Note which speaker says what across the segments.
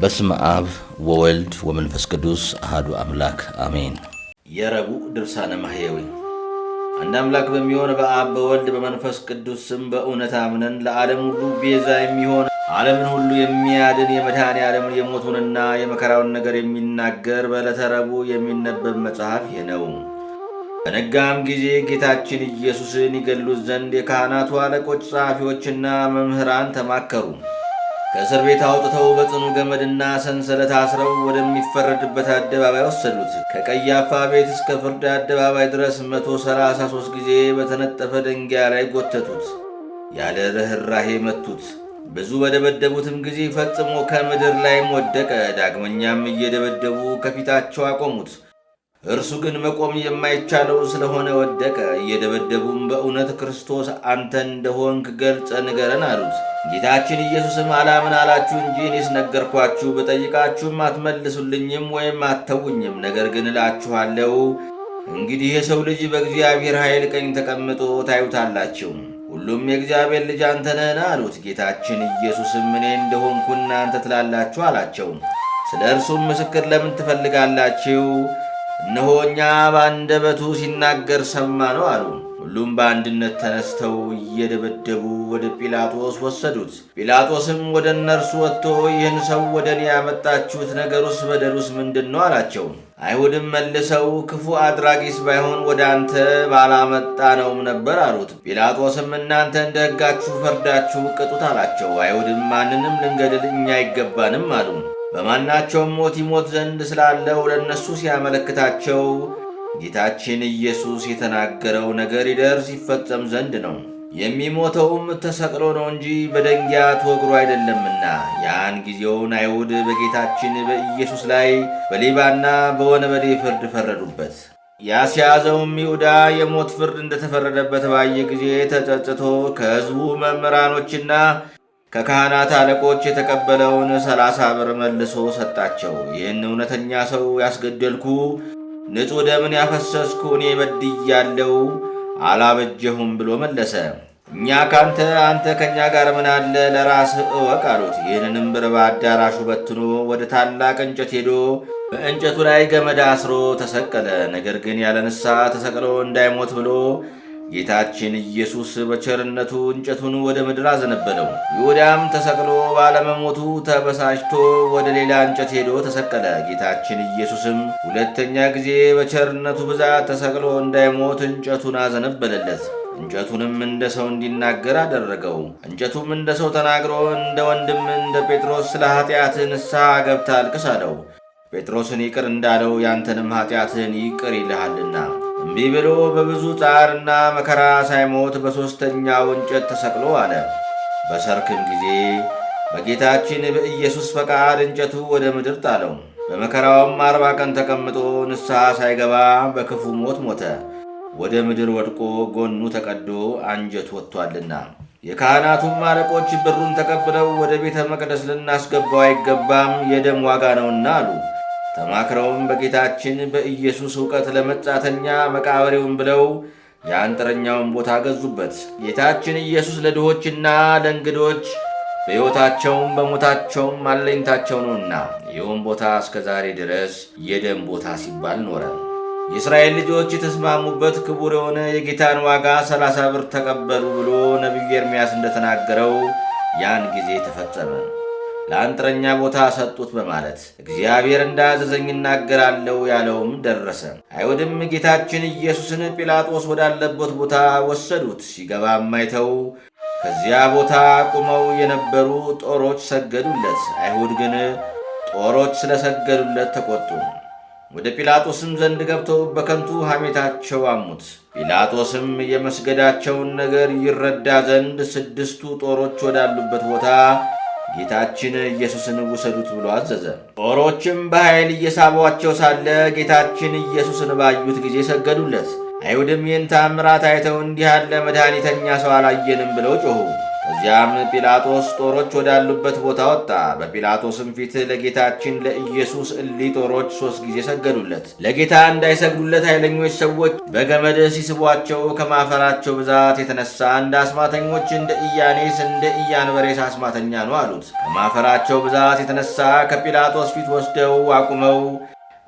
Speaker 1: በስመ አብ ወወልድ ወመንፈስ ቅዱስ አህዱ አምላክ አሜን። የረቡዕ ድርሳነ ማሕየዊ አንድ አምላክ በሚሆን በአብ በወልድ በመንፈስ ቅዱስ ስም በእውነት አምነን ለዓለም ሁሉ ቤዛ የሚሆን ዓለምን ሁሉ የሚያድን የመድኃኔ ዓለምን የሞቱንና የመከራውን ነገር የሚናገር በዕለተ ረቡዕ የሚነበብ መጽሐፍ ይህ ነው። በነጋም ጊዜ ጌታችን ኢየሱስን ይገሉት ዘንድ የካህናቱ አለቆች፣ ጸሐፊዎችና መምህራን ተማከሩ። ከእስር ቤት አውጥተው በጽኑ ገመድና ሰንሰለት አስረው ወደሚፈረድበት አደባባይ ወሰዱት። ከቀያፋ ቤት እስከ ፍርድ አደባባይ ድረስ 133 ጊዜ በተነጠፈ ደንጊያ ላይ ጎተቱት። ያለ ርኅራሄ መቱት። ብዙ በደበደቡትም ጊዜ ፈጽሞ ከምድር ላይም ወደቀ። ዳግመኛም እየደበደቡ ከፊታቸው አቆሙት። እርሱ ግን መቆም የማይቻለው ስለሆነ ወደቀ። እየደበደቡም በእውነት ክርስቶስ አንተ እንደሆንክ ገልጸ ንገረን አሉት። ጌታችን ኢየሱስም አላምን አላችሁ እንጂ እኔስ ነገርኳችሁ። በጠይቃችሁም አትመልሱልኝም ወይም አተውኝም። ነገር ግን እላችኋለሁ እንግዲህ የሰው ልጅ በእግዚአብሔር ኃይል ቀኝ ተቀምጦ ታዩታላችሁ። ሁሉም የእግዚአብሔር ልጅ አንተ ነህን አሉት። ጌታችን ኢየሱስም እኔ እንደሆንኩ እናንተ ትላላችሁ አላቸው። ስለ እርሱም ምስክር ለምን ትፈልጋላችሁ? እነሆ እኛ በአንደበቱ ሲናገር ሰማ ነው አሉ። ሁሉም በአንድነት ተነስተው እየደበደቡ ወደ ጲላጦስ ወሰዱት። ጲላጦስም ወደ እነርሱ ወጥቶ ይህን ሰው ወደ እኔ ያመጣችሁት ነገሩስ፣ በደሉስ ምንድን ነው አላቸው። አይሁድም መልሰው ክፉ አድራጊስ ባይሆን ወደ አንተ ነውም ነበር አሉት። ጲላጦስም እናንተ እንደ ሕጋችሁ ፈርዳችሁ ቅጡት አላቸው። አይሁድም ማንንም ልንገድል እኛ አይገባንም አሉ። በማናቸውም ሞት ይሞት ዘንድ ስላለው ለእነሱ ሲያመለክታቸው ጌታችን ኢየሱስ የተናገረው ነገር ይደርስ ይፈጸም ዘንድ ነው። የሚሞተውም ተሰቅሎ ነው እንጂ በደንጊያ ተወግሮ አይደለምና። ያን ጊዜውን አይሁድ በጌታችን በኢየሱስ ላይ በሌባና በወንበዴ ፍርድ ፈረዱበት። ያስያዘውም ይሁዳ የሞት ፍርድ እንደተፈረደበት ባየ ጊዜ ተጸጽቶ ከሕዝቡ መምህራኖችና ከካህናት አለቆች የተቀበለውን ሰላሳ ብር መልሶ ሰጣቸው። ይህን እውነተኛ ሰው ያስገደልኩ ንጹሕ ደምን ያፈሰስኩ እኔ በድያለው አላበጀሁም ብሎ መለሰ። እኛ ካንተ አንተ ከእኛ ጋር ምን አለ ለራስህ እወቅ አሉት። ይህንንም ብር በአዳራሹ በትኖ ወደ ታላቅ እንጨት ሄዶ በእንጨቱ ላይ ገመድ አስሮ ተሰቀለ። ነገር ግን ያለ ንስሐ ተሰቅሎ እንዳይሞት ብሎ ጌታችን ኢየሱስ በቸርነቱ እንጨቱን ወደ ምድር አዘነበለው። ይሁዳም ተሰቅሎ ባለመሞቱ ተበሳጭቶ ወደ ሌላ እንጨት ሄዶ ተሰቀለ። ጌታችን ኢየሱስም ሁለተኛ ጊዜ በቸርነቱ ብዛት ተሰቅሎ እንዳይሞት እንጨቱን አዘነበለለት። እንጨቱንም እንደ ሰው እንዲናገር አደረገው። እንጨቱም እንደ ሰው ተናግሮ እንደ ወንድም እንደ ጴጥሮስ ስለ ኃጢአት ንስሐ ገብታ አልቅስ አለው። ጴጥሮስን ይቅር እንዳለው ያንተንም ኃጢአትን ይቅር ይልሃልና እምቢ ብሎ በብዙ ጻርና መከራ ሳይሞት በሦስተኛው እንጨት ተሰቅሎ አለ። በሰርክም ጊዜ በጌታችን በኢየሱስ ፈቃድ እንጨቱ ወደ ምድር ጣለው። በመከራውም አርባ ቀን ተቀምጦ ንስሐ ሳይገባ በክፉ ሞት ሞተ። ወደ ምድር ወድቆ ጎኑ ተቀዶ አንጀት ወጥቷልና የካህናቱም አለቆች ብሩን ተቀብለው ወደ ቤተ መቅደስ ልናስገባው አይገባም፣ የደም ዋጋ ነውና አሉ። ተማክረውም በጌታችን በኢየሱስ እውቀት ለመጻተኛ መቃብሬውን ብለው የአንጥረኛውን ቦታ ገዙበት። ጌታችን ኢየሱስ ለድሆችና ለእንግዶች በሕይወታቸውም በሞታቸውም አለኝታቸው ነውና ይኸውም ቦታ እስከ ዛሬ ድረስ የደም ቦታ ሲባል ኖረ። የእስራኤል ልጆች የተስማሙበት ክቡር የሆነ የጌታን ዋጋ ሰላሳ ብር ተቀበሉ ብሎ ነቢዩ ኤርምያስ እንደተናገረው ያን ጊዜ ተፈጸመ። ለአንጥረኛ ቦታ ሰጡት በማለት እግዚአብሔር እንዳዘዘኝ እናገራለሁ ያለውም ደረሰ። አይሁድም ጌታችን ኢየሱስን ጲላጦስ ወዳለበት ቦታ ወሰዱት። ሲገባም አይተው ከዚያ ቦታ ቆመው የነበሩ ጦሮች ሰገዱለት። አይሁድ ግን ጦሮች ስለሰገዱለት ተቆጡ። ወደ ጲላጦስም ዘንድ ገብተው በከንቱ ሐሜታቸው አሙት። ጲላጦስም የመስገዳቸውን ነገር ይረዳ ዘንድ ስድስቱ ጦሮች ወዳሉበት ቦታ ጌታችን ኢየሱስን ውሰዱት ብሎ አዘዘ። ጦሮችም በኃይል እየሳቧቸው ሳለ ጌታችን ኢየሱስን ባዩት ጊዜ ሰገዱለት። አይሁድም ይህን ታምራት አይተው እንዲህ ያለ መድኃኒተኛ ሰው አላየንም ብለው ጮኹ። ከዚያም ጲላጦስ ጦሮች ወዳሉበት ቦታ ወጣ። በጲላጦስም ፊት ለጌታችን ለኢየሱስ እሊ ጦሮች ሦስት ጊዜ ሰገዱለት። ለጌታ እንዳይሰግዱለት ኃይለኞች ሰዎች በገመድ ሲስቧቸው ከማፈራቸው ብዛት የተነሳ እንደ አስማተኞች እንደ ኢያኔስ እንደ ኢያንበሬስ አስማተኛ ነው አሉት። ከማፈራቸው ብዛት የተነሳ ከጲላጦስ ፊት ወስደው አቁመው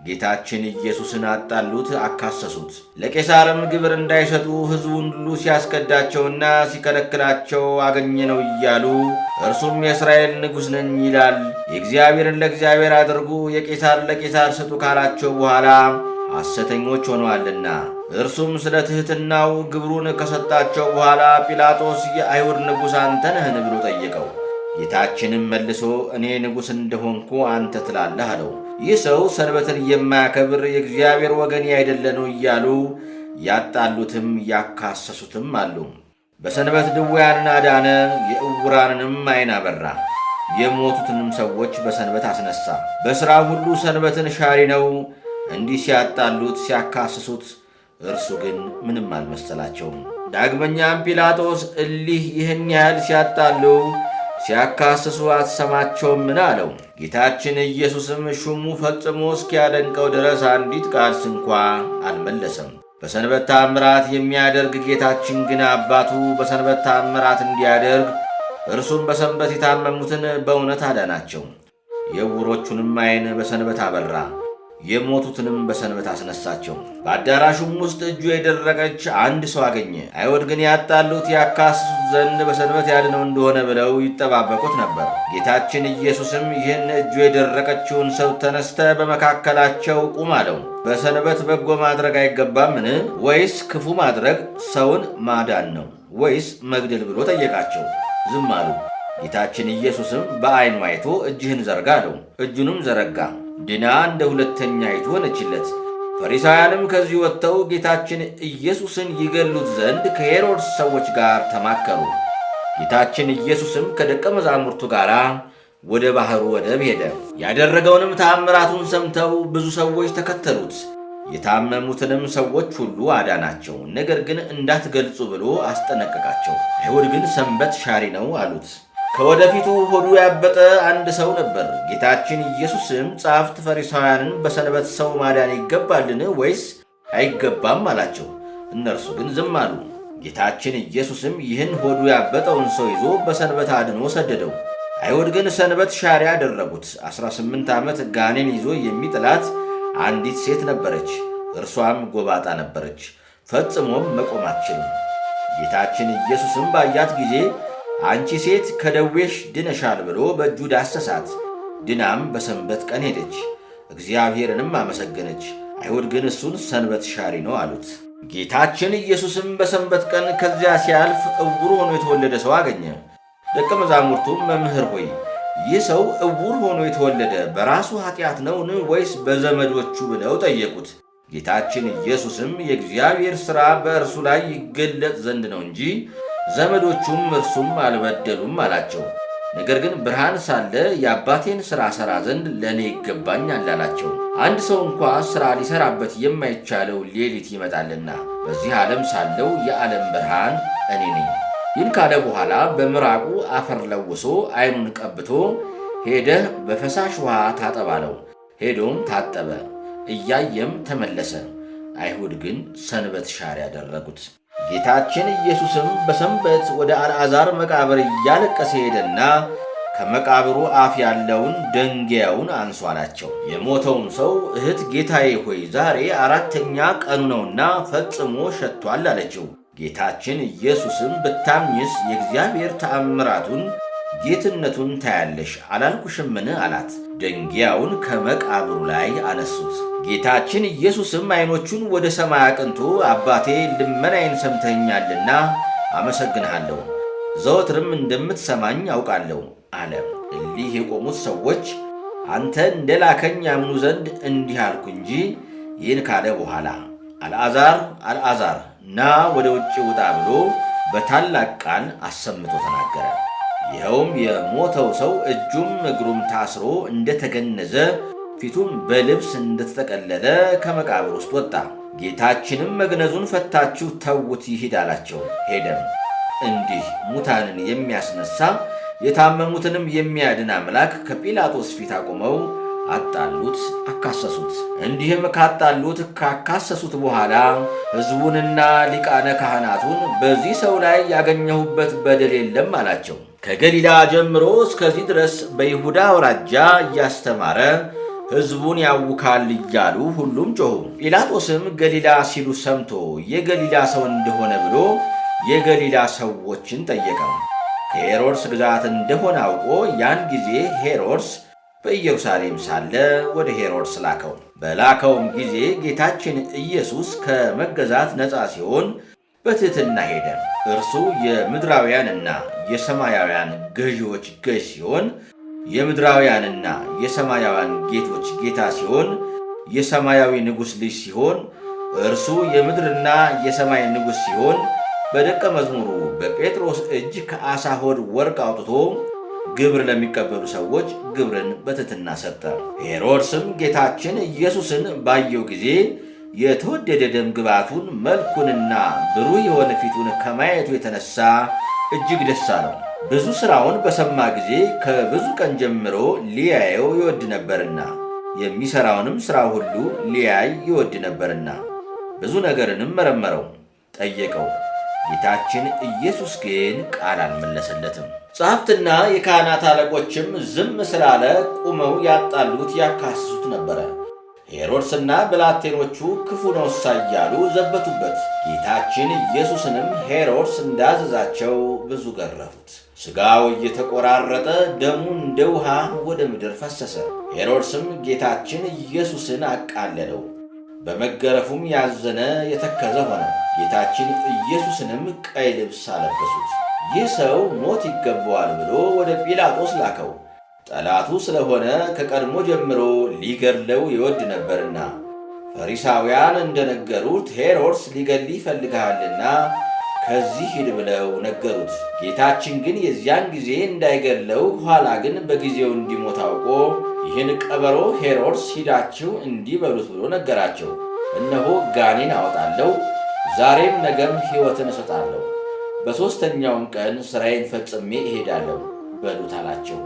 Speaker 1: ጌታችን ኢየሱስን አጣሉት፣ አካሰሱት። ለቄሳርም ግብር እንዳይሰጡ ሕዝቡን ሁሉ ሲያስከዳቸውና ሲከለክላቸው አገኘ ነው እያሉ እርሱም የእስራኤል ንጉሥ ነኝ ይላል። የእግዚአብሔርን ለእግዚአብሔር አድርጉ፣ የቄሳር ለቄሳር ስጡ ካላቸው በኋላ ሐሰተኞች ሆነዋልና። እርሱም ስለ ትሕትናው ግብሩን ከሰጣቸው በኋላ ጲላጦስ የአይሁድ ንጉሥ አንተ ነህን ብሎ ጠየቀው። ጌታችንም መልሶ እኔ ንጉሥ እንደሆንኩ አንተ ትላለህ አለው። ይህ ሰው ሰንበትን የማያከብር የእግዚአብሔር ወገን ያይደለ ነው እያሉ ያጣሉትም ያካሰሱትም አሉ። በሰንበት ድውያንን አዳነ፣ የዕውራንንም ዓይን አበራ፣ የሞቱትንም ሰዎች በሰንበት አስነሳ። በሥራ ሁሉ ሰንበትን ሻሪ ነው። እንዲህ ሲያጣሉት ሲያካስሱት፣ እርሱ ግን ምንም አልመሰላቸውም። ዳግመኛም ጲላጦስ እሊህ ይህን ያህል ሲያጣሉ ሲያካስሱ አትሰማቸውም ምን አለው። ጌታችን ኢየሱስም ሹሙ ፈጽሞ እስኪያደንቀው ድረስ አንዲት ቃል ስንኳ አልመለሰም። በሰንበት ታምራት የሚያደርግ ጌታችን ግን አባቱ በሰንበት ታምራት እንዲያደርግ እርሱም በሰንበት የታመሙትን በእውነት አዳናቸው፣ የዕውሮቹንም ዓይን በሰንበት አበራ። የሞቱትንም በሰንበት አስነሳቸው። በአዳራሹም ውስጥ እጁ የደረቀች አንድ ሰው አገኘ። አይሁድ ግን ያጣሉት ያካስሱት ዘንድ በሰንበት ያድነው እንደሆነ ብለው ይጠባበቁት ነበር። ጌታችን ኢየሱስም ይህን እጁ የደረቀችውን ሰው ተነስተ በመካከላቸው ቁም አለው። በሰንበት በጎ ማድረግ አይገባምን? ወይስ ክፉ ማድረግ ሰውን ማዳን ነው ወይስ መግደል ብሎ ጠየቃቸው። ዝም አሉ። ጌታችን ኢየሱስም በዓይኑ አይቶ እጅህን ዘርጋ አለው። እጁንም ዘረጋ ድና እንደ ሁለተኛይቱ ሆነችለት። ፈሪሳውያንም ከዚህ ወጥተው ጌታችን ኢየሱስን ይገሉት ዘንድ ከሄሮድስ ሰዎች ጋር ተማከሩ። ጌታችን ኢየሱስም ከደቀ መዛሙርቱ ጋር ወደ ባሕሩ ወደብ ሄደ። ያደረገውንም ተአምራቱን ሰምተው ብዙ ሰዎች ተከተሉት። የታመሙትንም ሰዎች ሁሉ አዳናቸው። ነገር ግን እንዳትገልጹ ብሎ አስጠነቀቃቸው። አይሁድ ግን ሰንበት ሻሪ ነው አሉት። ከወደፊቱ ሆዱ ያበጠ አንድ ሰው ነበር። ጌታችን ኢየሱስም ጸሐፍት ፈሪሳውያንን በሰንበት ሰው ማዳን ይገባልን ወይስ አይገባም አላቸው። እነርሱ ግን ዝም አሉ። ጌታችን ኢየሱስም ይህን ሆዱ ያበጠውን ሰው ይዞ በሰንበት አድኖ ሰደደው። አይሁድ ግን ሰንበት ሻሪ አደረጉት። 18 ዓመት ጋኔን ይዞ የሚጥላት አንዲት ሴት ነበረች። እርሷም ጎባጣ ነበረች፣ ፈጽሞም መቆም አትችልም። ጌታችን ኢየሱስም ባያት ጊዜ አንቺ ሴት ከደዌሽ ድነሻል ብሎ በእጁ ዳሰሳት። ድናም በሰንበት ቀን ሄደች፣ እግዚአብሔርንም አመሰገነች። አይሁድ ግን እሱን ሰንበት ሻሪ ነው አሉት። ጌታችን ኢየሱስም በሰንበት ቀን ከዚያ ሲያልፍ እውር ሆኖ የተወለደ ሰው አገኘ። ደቀ መዛሙርቱም መምህር ሆይ ይህ ሰው እውር ሆኖ የተወለደ በራሱ ኃጢአት ነውን ወይስ በዘመዶቹ ብለው ጠየቁት። ጌታችን ኢየሱስም የእግዚአብሔር ሥራ በእርሱ ላይ ይገለጽ ዘንድ ነው እንጂ ዘመዶቹም እርሱም አልበደሉም አላቸው። ነገር ግን ብርሃን ሳለ የአባቴን ሥራ ሠራ ዘንድ ለእኔ ይገባኛል አላቸው። አንድ ሰው እንኳ ሥራ ሊሠራበት የማይቻለው ሌሊት ይመጣልና በዚህ ዓለም ሳለው የዓለም ብርሃን እኔ ነኝ። ይህን ካለ በኋላ በምራቁ አፈር ለውሶ ዐይኑን ቀብቶ ሄደህ በፈሳሽ ውሃ ታጠብ አለው። ሄዶም ታጠበ፣ እያየም ተመለሰ። አይሁድ ግን ሰንበት ሻር ያደረጉት። ጌታችን ኢየሱስም በሰንበት ወደ አልዓዛር መቃብር እያለቀሰ ሄደና ከመቃብሩ አፍ ያለውን ደንጊያውን አንሷ አላቸው። የሞተውን ሰው እህት ጌታዬ ሆይ ዛሬ አራተኛ ቀኑ ነውና ፈጽሞ ሸቷል አለችው። ጌታችን ኢየሱስም ብታምኝስ የእግዚአብሔር ተአምራቱን ጌትነቱን ታያለሽ አላልኩሽምን? አላት። ድንጊያውን ከመቃብሩ ላይ አነሱት። ጌታችን ኢየሱስም ዐይኖቹን ወደ ሰማይ አቅንቶ አባቴ ልመናዬን ሰምተኛልና አመሰግንሃለሁ፣ ዘወትርም እንደምትሰማኝ አውቃለሁ አለ። እሊህ የቆሙት ሰዎች አንተ እንደ ላከኝ ያምኑ ዘንድ እንዲህ አልኩ እንጂ ይህን ካለ በኋላ አልዓዛር አልዓዛር ና ወደ ውጭ ውጣ ብሎ በታላቅ ቃል አሰምቶ ተናገረ። ይኸውም የሞተው ሰው እጁም እግሩም ታስሮ እንደተገነዘ ፊቱም በልብስ እንደተጠቀለለ ከመቃብር ውስጥ ወጣ። ጌታችንም መግነዙን ፈታችሁ ተዉት ይሂድ አላቸው። ሄደም እንዲህ ሙታንን የሚያስነሳ የታመሙትንም የሚያድን አምላክ ከጲላጦስ ፊት አቁመው አጣሉት፣ አካሰሱት። እንዲህም ካጣሉት ካካሰሱት በኋላ ሕዝቡንና ሊቃነ ካህናቱን በዚህ ሰው ላይ ያገኘሁበት በደል የለም አላቸው። ከገሊላ ጀምሮ እስከዚህ ድረስ በይሁዳ አውራጃ እያስተማረ ሕዝቡን ያውካል እያሉ ሁሉም ጮኹ። ጲላጦስም ገሊላ ሲሉ ሰምቶ የገሊላ ሰው እንደሆነ ብሎ የገሊላ ሰዎችን ጠየቀው። ከሄሮድስ ግዛት እንደሆነ አውቆ ያን ጊዜ ሄሮድስ በኢየሩሳሌም ሳለ ወደ ሄሮድስ ላከው። በላከውም ጊዜ ጌታችን ኢየሱስ ከመገዛት ነፃ ሲሆን በትህትና ሄደ። እርሱ የምድራውያንና የሰማያውያን ገዢዎች ገዥ ሲሆን የምድራውያንና የሰማያውያን ጌቶች ጌታ ሲሆን የሰማያዊ ንጉሥ ልጅ ሲሆን እርሱ የምድርና የሰማይ ንጉሥ ሲሆን በደቀ መዝሙሩ በጴጥሮስ እጅ ከዓሣ ሆድ ወርቅ አውጥቶ ግብር ለሚቀበሉ ሰዎች ግብርን በትሕትና ሰጠ። ሄሮድስም ጌታችን ኢየሱስን ባየው ጊዜ የተወደደ ደም ግባቱን መልኩንና ብሩህ የሆነ ፊቱን ከማየቱ የተነሳ እጅግ ደስ አለው። ብዙ ሥራውን በሰማ ጊዜ ከብዙ ቀን ጀምሮ ሊያየው ይወድ ነበርና የሚሠራውንም ሥራ ሁሉ ሊያይ ይወድ ነበርና ብዙ ነገርንም መረመረው፣ ጠየቀው። ጌታችን ኢየሱስ ግን ቃል አልመለሰለትም። ጸሐፍትና የካህናት አለቆችም ዝም ስላለ ቁመው ያጣሉት ያካስሱት ነበረ። ሄሮድስና ብላቴኖቹ ክፉ ነው ሳያሉ ዘበቱበት። ጌታችን ኢየሱስንም ሄሮድስ እንዳዘዛቸው ብዙ ገረፉት። ሥጋው እየተቆራረጠ ደሙ እንደ ውሃ ወደ ምድር ፈሰሰ። ሄሮድስም ጌታችን ኢየሱስን አቃለለው። በመገረፉም ያዘነ የተከዘ ሆነ። ጌታችን ኢየሱስንም ቀይ ልብስ አለበሱት። ይህ ሰው ሞት ይገባዋል ብሎ ወደ ጲላጦስ ላከው። ጠላቱ ስለሆነ ከቀድሞ ጀምሮ ሊገድለው ይወድ ነበርና ፈሪሳውያን እንደነገሩት ሄሮድስ ሊገድል ይፈልግሃልና ከዚህ ሂድ ብለው ነገሩት። ጌታችን ግን የዚያን ጊዜ እንዳይገድለው ኋላ ግን በጊዜው እንዲሞት አውቆ ይህን ቀበሮ ሄሮድስ ሂዳችሁ እንዲበሉት ብሎ ነገራቸው። እነሆ ጋኔን አወጣለሁ፣ ዛሬም ነገም ሕይወትን እሰጣለሁ፣ በሦስተኛውም ቀን ሥራዬን ፈጽሜ እሄዳለሁ በሉት አላቸው።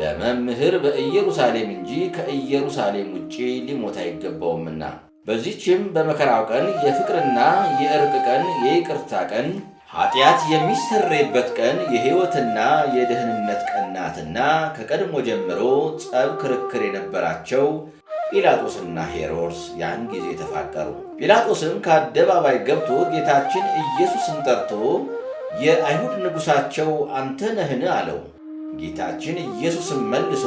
Speaker 1: ለመምህር በኢየሩሳሌም እንጂ ከኢየሩሳሌም ውጪ ሊሞት አይገባውምና። በዚችም በመከራው ቀን የፍቅርና የእርቅ ቀን፣ የይቅርታ ቀን፣ ኃጢአት የሚሰረይበት ቀን፣ የሕይወትና የደህንነት ቀናትና ከቀድሞ ጀምሮ ጸብ፣ ክርክር የነበራቸው ጲላጦስና ሄሮድስ ያን ጊዜ ተፋቀሩ። ጲላጦስም ከአደባባይ ገብቶ ጌታችን ኢየሱስን ጠርቶ የአይሁድ ንጉሣቸው አንተ ነህን አለው። ጌታችን ኢየሱስም መልሶ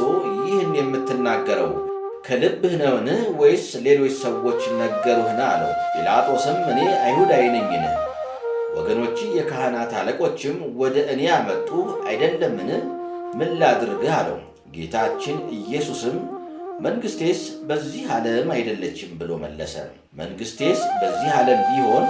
Speaker 1: ይህን የምትናገረው ከልብህ ነውን? ወይስ ሌሎች ሰዎች ነገሩህን? አለው። ጲላጦስም እኔ አይሁዳዊ ነኝን? ወገኖች የካህናት አለቆችም ወደ እኔ አመጡ አይደለምን? ምን ላድርግህ? አለው። ጌታችን ኢየሱስም መንግሥቴስ በዚህ ዓለም አይደለችም ብሎ መለሰ። መንግሥቴስ በዚህ ዓለም ቢሆን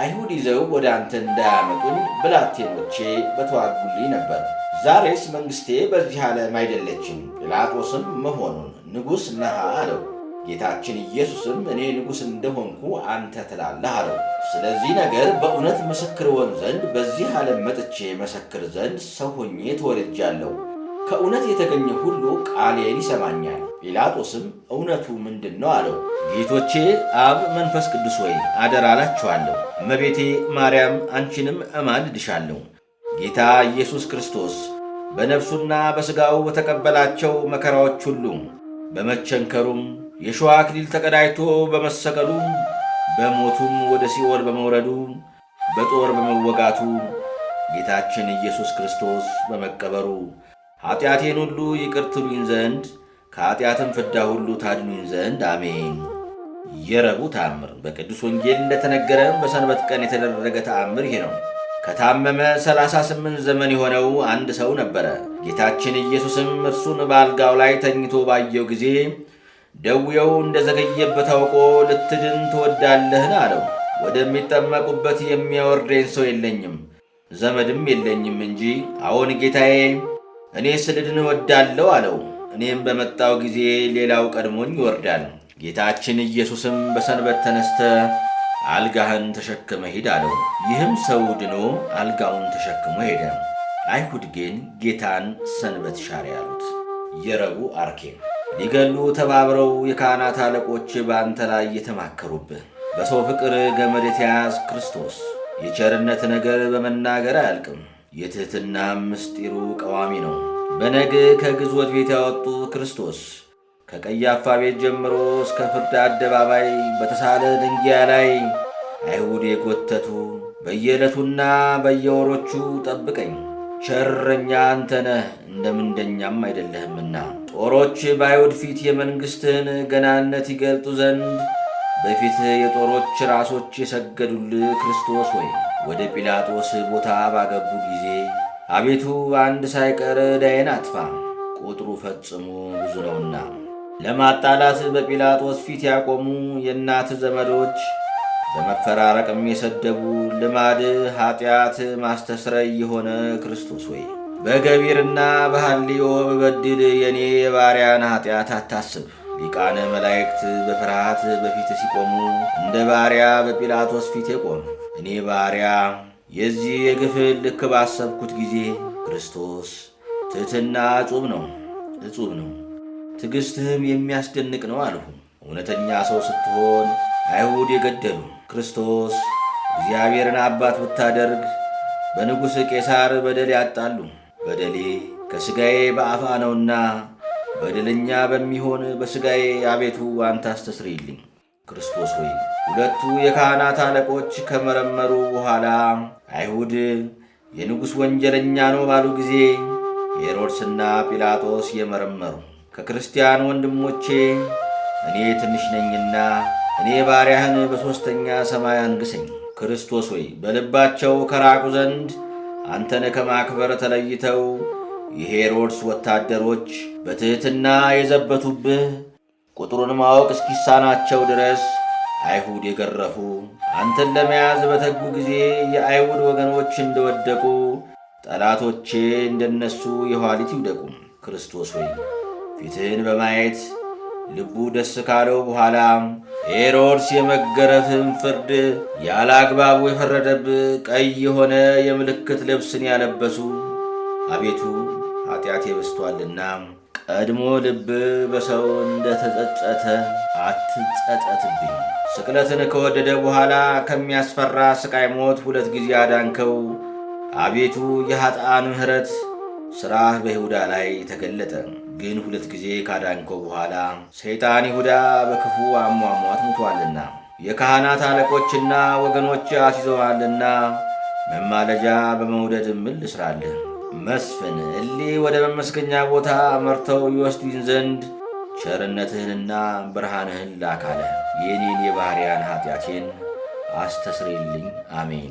Speaker 1: አይሁድ ይዘው ወደ አንተ እንዳያመጡኝ ብላቴኖቼ በተዋጉልኝ ነበር። ዛሬስ መንግሥቴ በዚህ ዓለም አይደለችም። ጲላጦስም መሆኑን ንጉሥ ነሃ አለው። ጌታችን ኢየሱስም እኔ ንጉሥ እንደሆንኩ አንተ ትላለህ አለው። ስለዚህ ነገር በእውነት ምስክር ሆን ዘንድ በዚህ ዓለም መጥቼ መሰክር ዘንድ ሰው ሆኜ ተወልጃለሁ። ከእውነት የተገኘ ሁሉ ቃሌን ይሰማኛል። ጲላጦስም እውነቱ ምንድን ነው አለው። ጌቶቼ አብ መንፈስ ቅዱስ ወይ አደራ አላችኋለሁ። እመቤቴ ማርያም አንቺንም እማልድሻለሁ። ጌታ ኢየሱስ ክርስቶስ በነፍሱና በሥጋው በተቀበላቸው መከራዎች ሁሉ በመቸንከሩም የሸዋ አክሊል ተቀዳጅቶ በመሰቀሉ በሞቱም ወደ ሲኦል በመውረዱ በጦር በመወጋቱ ጌታችን ኢየሱስ ክርስቶስ በመቀበሩ ኃጢአቴን ሁሉ ይቅር ትሉኝ ዘንድ ከኃጢአትም ፍዳ ሁሉ ታድኑኝ ዘንድ አሜን። የረቡዕ ተአምር በቅዱስ ወንጌል እንደተነገረም በሰንበት ቀን የተደረገ ተአምር ይህ ነው። ከታመመ 38 ዘመን የሆነው አንድ ሰው ነበረ። ጌታችን ኢየሱስም እርሱን በአልጋው ላይ ተኝቶ ባየው ጊዜ ደዌው እንደዘገየበት አውቆ ልትድን ትወዳለህን? አለው። ወደሚጠመቁበት የሚያወርደኝ ሰው የለኝም፣ ዘመድም የለኝም እንጂ አዎን ጌታዬ እኔ ስልድን እወዳለሁ አለው። እኔም በመጣው ጊዜ ሌላው ቀድሞኝ ይወርዳል። ጌታችን ኢየሱስም በሰንበት ተነስተ አልጋህን ተሸክመ ሂድ አለው። ይህም ሰው ድኖ አልጋውን ተሸክሞ ሄደ። አይሁድ ግን ጌታን ሰንበት ሻሪ አሉት። የረቡዕ አርኬ ሊገሉ ተባብረው የካህናት አለቆች በአንተ ላይ የተማከሩብህ በሰው ፍቅር ገመድ የተያዝ ክርስቶስ የቸርነት ነገር በመናገር አያልቅም። የትህትና ምስጢሩ ቀዋሚ ነው። በነግ ከግዞት ቤት ያወጡ ክርስቶስ ከቀያፋ ቤት ጀምሮ እስከ ፍርድ አደባባይ በተሳለ ድንጊያ ላይ አይሁድ የጎተቱ በየዕለቱና በየወሮቹ ጠብቀኝ ቸረኛ አንተነህ እንደምንደኛም አይደለህምና ጦሮች በአይሁድ ፊት የመንግሥትህን ገናነት ይገልጡ ዘንድ በፊት የጦሮች ራሶች የሰገዱልህ ክርስቶስ ወይ ወደ ጲላጦስ ቦታ ባገቡ ጊዜ አቤቱ አንድ ሳይቀር ዕዳዬን አጥፋ፣ ቁጥሩ ፈጽሞ ብዙ ነውና ለማጣላት በጲላጦስ ፊት ያቆሙ የእናት ዘመዶች በመፈራረቅም የሰደቡ ልማድ ኀጢአት ማስተስረይ የሆነ ክርስቶስ ወይ በገቢርና በሐልዮ በበድል የእኔ የባሪያን ኀጢአት አታስብ። ሊቃነ መላእክት በፍርሃት በፊት ሲቆሙ እንደ ባሪያ በጲላቶስ ፊት የቆም እኔ ባሪያ የዚህ የግፍ ልክ ባሰብኩት ጊዜ ክርስቶስ ትሕትና እጹብ ነው እጹብ ነው፣ ትዕግሥትህም የሚያስደንቅ ነው አልሁ። እውነተኛ ሰው ስትሆን አይሁድ የገደሉ ክርስቶስ እግዚአብሔርን አባት ብታደርግ በንጉሥ ቄሳር በደል ያጣሉ። በደሌ ከሥጋዬ በአፋ ነውና በደለኛ በሚሆን በሥጋዬ አቤቱ አንተ አስተስርይልኝ። ክርስቶስ ሆይ ሁለቱ የካህናት አለቆች ከመረመሩ በኋላ አይሁድ የንጉሥ ወንጀለኛ ነው ባሉ ጊዜ ሄሮድስና ጲላጦስ የመረመሩ ከክርስቲያን ወንድሞቼ እኔ ትንሽ ነኝና እኔ ባሪያህን በሦስተኛ ሰማይ አንግሰኝ። ክርስቶስ ሆይ በልባቸው ከራቁ ዘንድ አንተን ከማክበር ተለይተው የሄሮድስ ወታደሮች በትሕትና የዘበቱብህ ቁጥሩን ማወቅ እስኪሳናቸው ድረስ አይሁድ የገረፉ አንተን ለመያዝ በተጉ ጊዜ የአይሁድ ወገኖች እንደወደቁ ጠላቶቼ እንደነሱ የኋሊት ይውደቁም። ክርስቶስ ሆይ ፊትህን በማየት ልቡ ደስ ካለው በኋላ ሄሮድስ የመገረፍን ፍርድ ያለ አግባቡ የፈረደብህ ቀይ የሆነ የምልክት ልብስን ያለበሱ አቤቱ ኃጢአቴ በስቷልና። ቀድሞ ልብ በሰው እንደተጸጸተ አትጸጸትብኝ። ስቅለትን ከወደደ በኋላ ከሚያስፈራ ስቃይ ሞት ሁለት ጊዜ አዳንከው። አቤቱ የኃጥአን ምሕረት ሥራህ በይሁዳ ላይ ተገለጠ። ግን ሁለት ጊዜ ካዳንከው በኋላ ሰይጣን ይሁዳ በክፉ አሟሟት ሙቷልና የካህናት አለቆችና ወገኖች አስይዘዋልና መማለጃ በመውደድ ምን ልስራልህ? መስፍን እሌ ወደ መመስገኛ ቦታ መርተው ይወስዱኝ ዘንድ ቸርነትህንና ብርሃንህን ላካለ የኔን የባሕርያን ኃጢአቴን አስተስሬልኝ፣ አሜን።